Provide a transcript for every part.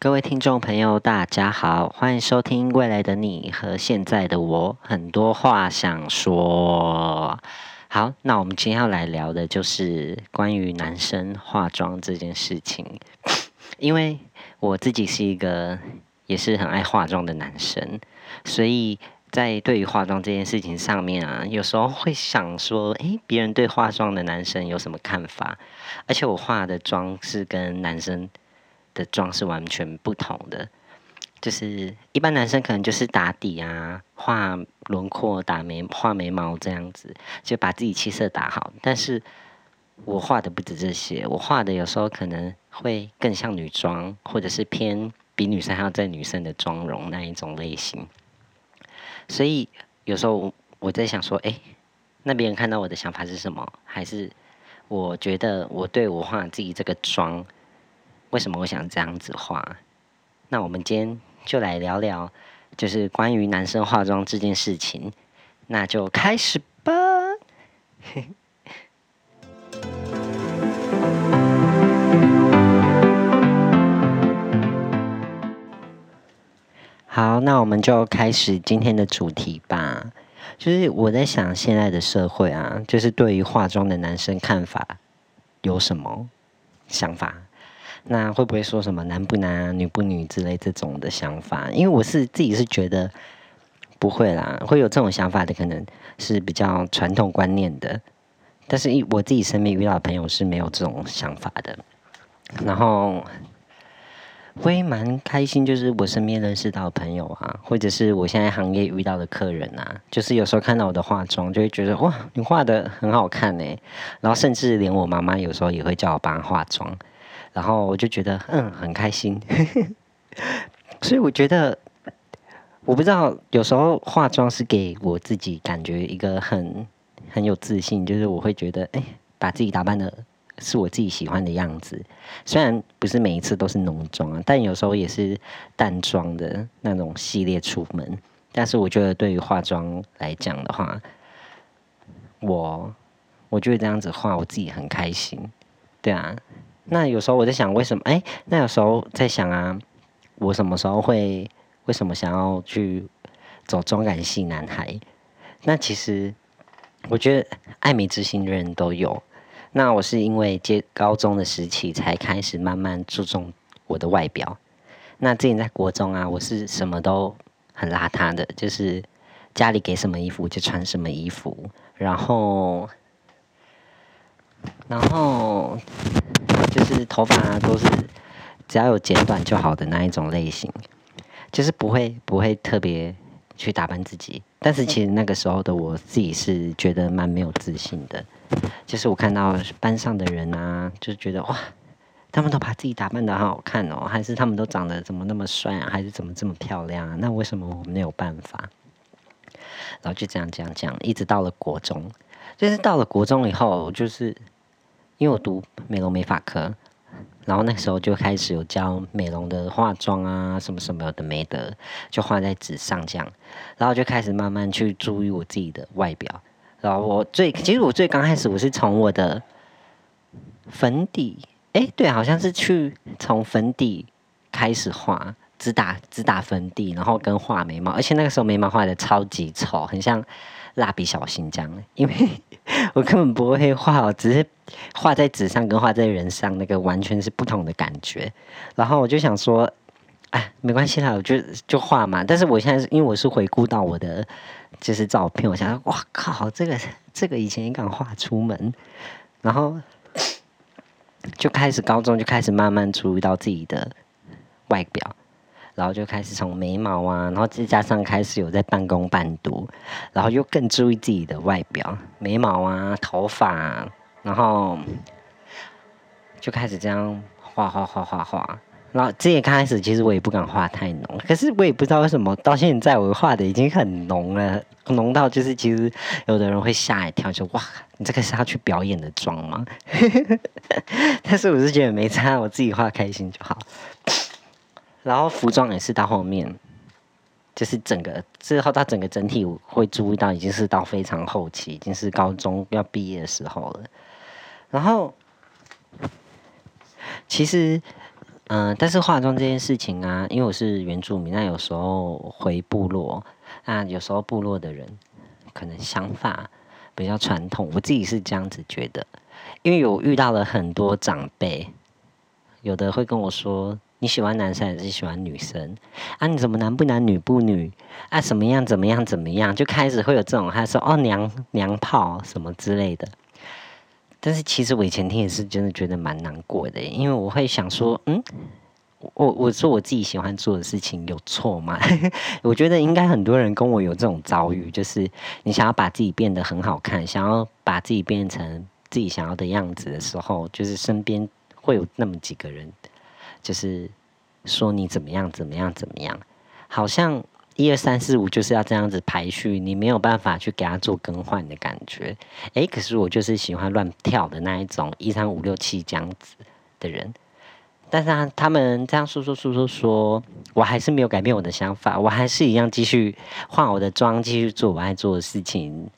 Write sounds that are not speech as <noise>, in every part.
各位聽眾朋友，大家好，歡迎收聽《未來的你和現在的我》，很多話想說。好，那我們今天要來聊的就是關於男生化妝這件事情。因為我自己是一個也是很愛化妝的男生，所以在對於化妝這件事情上面啊，有時候會想說，欸，別人對化妝的男生有什麼看法？而且我化的妝是跟男生的妝是完全不同的，就是一般男生可能就是打底啊，畫輪廓、打眉、畫眉毛這樣子，就把自己氣色打好。但是，我畫的不止這些，我畫的有時候可能會更像女裝，或者是偏比女生還要再女生的妝容那一種類型。所以有時候我在想說，哎、欸，那別人看到我的想法是什麼？還是我覺得我對我畫自己這個妝？為什麼我想這樣子畫？那我們今天就來聊聊，就是關於男生化妝這件事情。那就開始吧！ <laughs> 好，那我們就開始今天的主題吧。就是我在想，現在的社會啊，就是對於化妝的男生看法，有什麼想法？那會不會說什麼男不男啊，女不女之類這種的想法？因為我是自己是覺得不會啦，會有這種想法的，可能是比較傳統觀念的。但是，以我自己身邊遇到的朋友是沒有這種想法的。然後我也蠻開心，就是我身邊認識到的朋友啊，或者是我現在行業遇到的客人啊，就是有時候看到我的化妝，就會覺得哇，你畫得很好看哎、欸。然後，甚至連我媽媽有時候也會叫我幫她化妝。然後我就覺得嗯，很開心， <laughs> 所以我覺得我不知道有時候化妝是給我自己感覺一個很很有自信，就是我會覺得哎、欸、把自己打扮的是我自己喜歡的樣子，雖然不是每一次都是濃妝啊，但有時候也是淡妝的那種系列出門。但是我覺得對於化妝來講的話，我我覺得這樣子畫我自己很開心，對啊。那有時候我在想，為什麼？哎、欸，那有時候在想啊，我什麼時候會為什麼想要去走中感系男孩？那其實我覺得愛美之心人人都有。那我是因為接高中的時期才開始慢慢注重我的外表。那之前在國中啊，我是什麼都很邋遢的，就是家裡給什麼衣服就穿什麼衣服，然後，然後。就是頭髮啊，都是只要有剪短就好的那一種類型，就是不會不會特別去打扮自己。但是其實那個時候的我自己是覺得蠻沒有自信的，就是我看到班上的人啊，就覺得哇，他們都把自己打扮得好好看哦，還是他們都長得怎麼那麼帥啊，還是怎麼這麼漂亮啊？那為什麼我沒有辦法？然後就這樣這樣這樣一直到了國中，就是到了國中以後，就是。因為我讀美容美髮科，然後那時候就開始有教美容的化妝啊什麼什麼的眉的，就畫在紙上這樣，然後就開始慢慢去注意我自己的外表，然後我最其實我最剛開始我是從我的粉底，哎對，好像是去從粉底開始畫，只打只打粉底，然後跟畫眉毛，而且那個時候眉毛畫的超級醜，很像蠟筆小新這樣，因為我根本不會畫，我只是。畫在紙上跟畫在人上那個完全是不同的感覺，然後我就想說，哎，沒關係啦，我就就畫嘛。但是我現在因為我是回顧到我的就是照片，我想說，哇靠，這個這個以前也敢畫出門，然後就開始高中就開始慢慢注意到自己的外表，然後就開始從眉毛啊，然後再加上開始有在半工半讀，然後又更注意自己的外表，眉毛啊，頭髮啊。然後就開始這樣畫畫畫畫畫，然後這一開始，其實我也不敢畫太濃，可是我也不知道為什麼，到現在我畫的已經很濃了，濃到就是其實有的人會嚇一跳，就哇，你這個是要去表演的妝嗎？ <laughs> 但是我是覺得沒差，我自己畫開心就好。然後服裝也是到後面，就是整個之後，他整個整體我會注意到，已經是到非常後期，已經是高中要畢業的時候了。然後，其實，嗯、呃，但是化妝這件事情啊，因為我是原住民，那有時候回部落，那、啊、有時候部落的人，可能想法比較傳統，我自己是這樣子覺得，因為我遇到了很多長輩，有的會跟我說，你喜歡男生還是喜歡女生？啊，你怎麼男不男女不女？啊，怎麼樣怎麼樣怎麼樣？就開始會有這種，他說哦，娘娘炮什麼之類的。但是其實我以前聽也是真的覺得蠻難過的，因為我會想說，嗯，我我做我自己喜歡做的事情有錯嗎？ <laughs> 我覺得應該很多人跟我有這種遭遇，就是你想要把自己變得很好看，想要把自己變成自己想要的樣子的時候，就是身邊會有那麼幾個人，就是說你怎麼樣怎麼樣怎麼樣，好像。一二三四五就是要這樣子排序，你沒有辦法去給他做更換的感覺。誒、欸，可是我就是喜歡亂跳的那一種，一三五六七這樣子的人。但是啊，他們這樣說說說說說，我還是沒有改變我的想法，我還是一樣繼續化我的妝，繼續做我愛做的事情。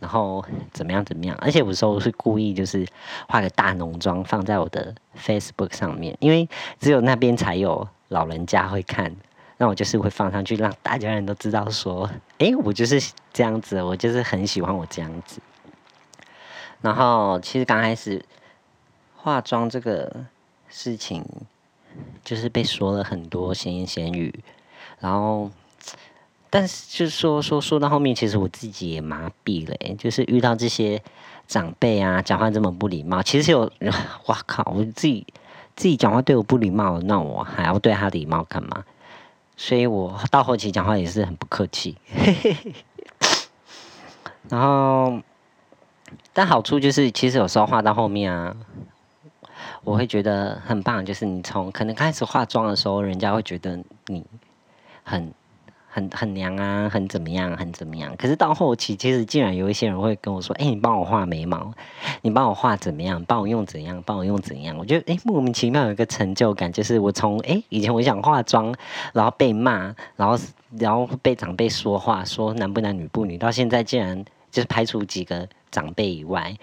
然後怎麼樣怎麼樣，而且有時候我是故意就是畫個大濃妝放在我的 Facebook 上面，因為只有那邊才有老人家會看。那我就是會放上去，讓大家人都知道說：“哎、欸，我就是這樣子，我就是很喜歡我這樣子。”然後其實剛開始化妝這個事情，就是被說了很多閒言閒語。然後，但是就是說說說到後面，其實我自己也麻痹了、欸，就是遇到這些長輩啊，講話這麼不禮貌。其實我，我靠，我自己自己講話對我不禮貌，那我還要對他禮貌幹嘛？所以我到後期講話也是很不客氣，嘿嘿嘿。然後，但好處就是，其實有時候畫到後面啊，我會覺得很棒，就是你從可能開始化妝的時候，人家會覺得你很。很很娘啊，很怎麼樣，很怎麼樣。可是到後期，其實竟然有一些人會跟我說：“哎，你幫我畫眉毛，你幫我畫怎麼樣，幫我用怎樣，幫我用怎樣。”我覺得哎，莫名其妙有一個成就感，就是我從哎，以前我想化妝，然後被罵，然後然後被長輩說話，說男不男女不女，到現在竟然就是排除幾個長輩以外，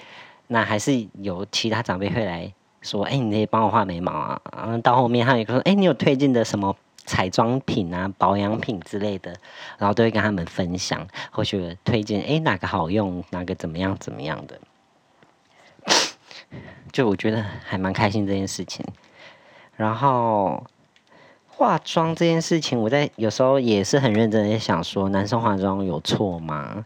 那還是有其他長輩會來說：“哎，你可以幫我畫眉毛啊。”然後到後面還有一個說：“哎，你有推薦的什麼？”彩妝品啊，保養品之類的，然後都會跟他們分享，或許推薦，哎，哪個好用，哪個怎麼樣，怎麼樣的， <laughs> 就我覺得還蠻開心這件事情。然後化妝這件事情，我在有時候也是很認真地想說，男生化妝有錯嗎？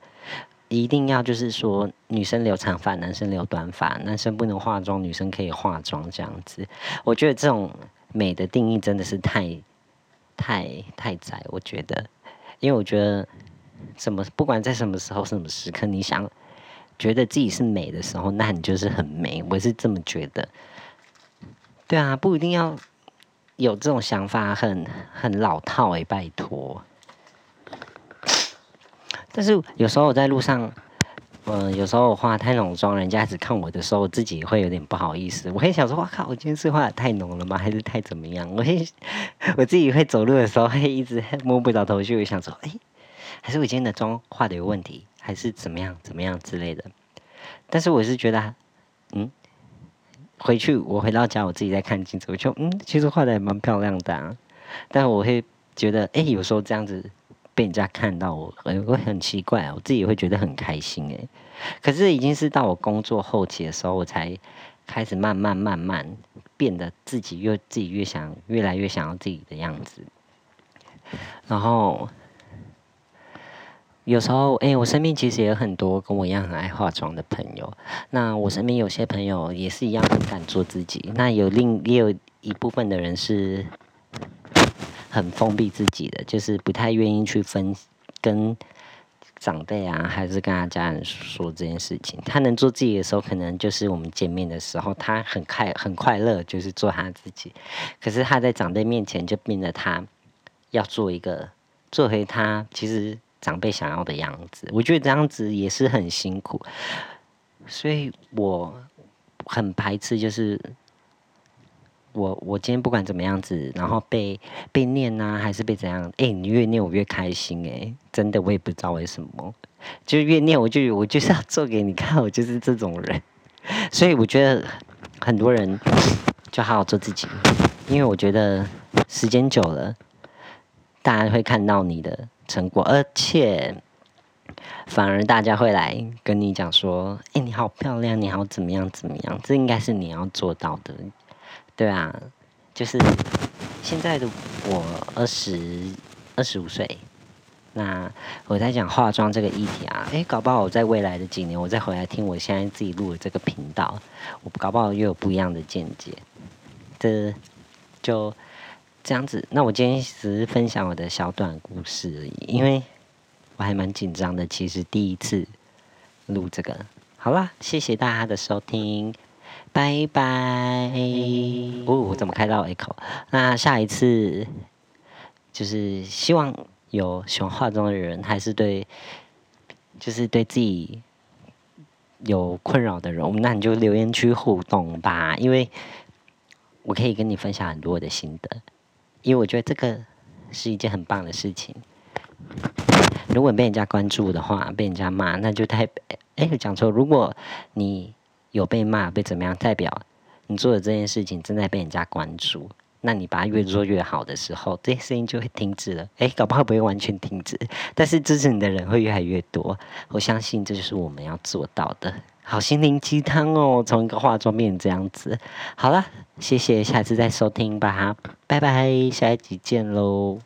一定要就是說女生留長髮，男生留短髮，男生不能化妝，女生可以化妝這樣子？我覺得這種美的定義真的是太……太太窄，我覺得，因為我覺得，什麼不管在什麼時候、什麼時刻，你想覺得自己是美的時候，那你就是很美，我是這麼覺得。對啊，不一定要有這種想法，很很老套誒、欸，拜託。但是有時候我在路上。嗯，有時候我化太濃妝，人家一直看我的時候，我自己會有點不好意思。我也想說，哇靠，我今天是化得太濃了嗎？還是太怎麼樣？我，我自己會走路的時候會一直摸不着頭緒，我就想說，哎、欸，還是我今天的妝化的有問題，還是怎麼樣，怎麼樣之類的。但是我是覺得、啊，嗯，回去我回到家，我自己在看鏡子，我就嗯，其實畫的也蠻漂亮的啊。但我會覺得，哎、欸，有時候這樣子。被人家看到我，哎、欸，我很奇怪，我自己會覺得很開心、欸，哎，可是已經是到我工作後期的時候，我才開始慢慢慢慢變得自己越自己越想，越來越想要自己的樣子。然後有時候，哎、欸，我身邊其實也有很多跟我一樣很愛化妝的朋友。那我身邊有些朋友也是一樣很敢做自己。那有另也有一部分的人是。很封閉自己的，就是不太願意去分跟長輩啊，還是跟他家人說這件事情。他能做自己的時候，可能就是我們見面的時候，他很快很快樂，就是做他自己。可是他在長輩面前，就變得他要做一個做回他其實長輩想要的樣子。我覺得這樣子也是很辛苦，所以我很排斥就是。我我今天不管怎麼樣子，然後被被念啊，還是被怎樣？哎，你越念我越開心哎！真的，我也不知道為什麼，就越念我就我就是要做給你看，我就是這種人。所以我覺得很多人就好好做自己，因為我覺得時間久了，大家會看到你的成果，而且反而大家會來跟你講說：“哎，你好漂亮，你好怎麼樣怎麼樣。”這應該是你要做到的。對啊，就是現在的我二十二十五歲，那我在講化妝這個議題啊，誒，搞不好我在未來的幾年，我再回來聽我現在自己錄的這個頻道，我搞不好又有不一樣的見解。這就，就這樣子，那我今天只是分享我的小短故事而已，因為我還蠻緊張的，其實第一次錄這個。好了，謝謝大家的收聽。拜拜。嗚、哦，怎麼開到我一口？那下一次就是希望有喜歡化妝的人，還是對就是對自己有困擾的人，那你就留言區互動吧。因為我可以跟你分享很多我的心得，因為我覺得這個是一件很棒的事情。如果你被人家關注的話，被人家罵，那就太……哎、欸，講錯。如果你有被罵被怎麼樣，代表你做的這件事情正在被人家關注。那你把它越做越好的時候，這些聲音就會停止了。誒、欸，搞不好不會完全停止，但是支持你的人會越來越多。我相信這就是我們要做到的。好，心靈雞湯哦，從一個化妝面這樣子。好了，謝謝，下次再收聽吧，拜拜，下一集見嘍。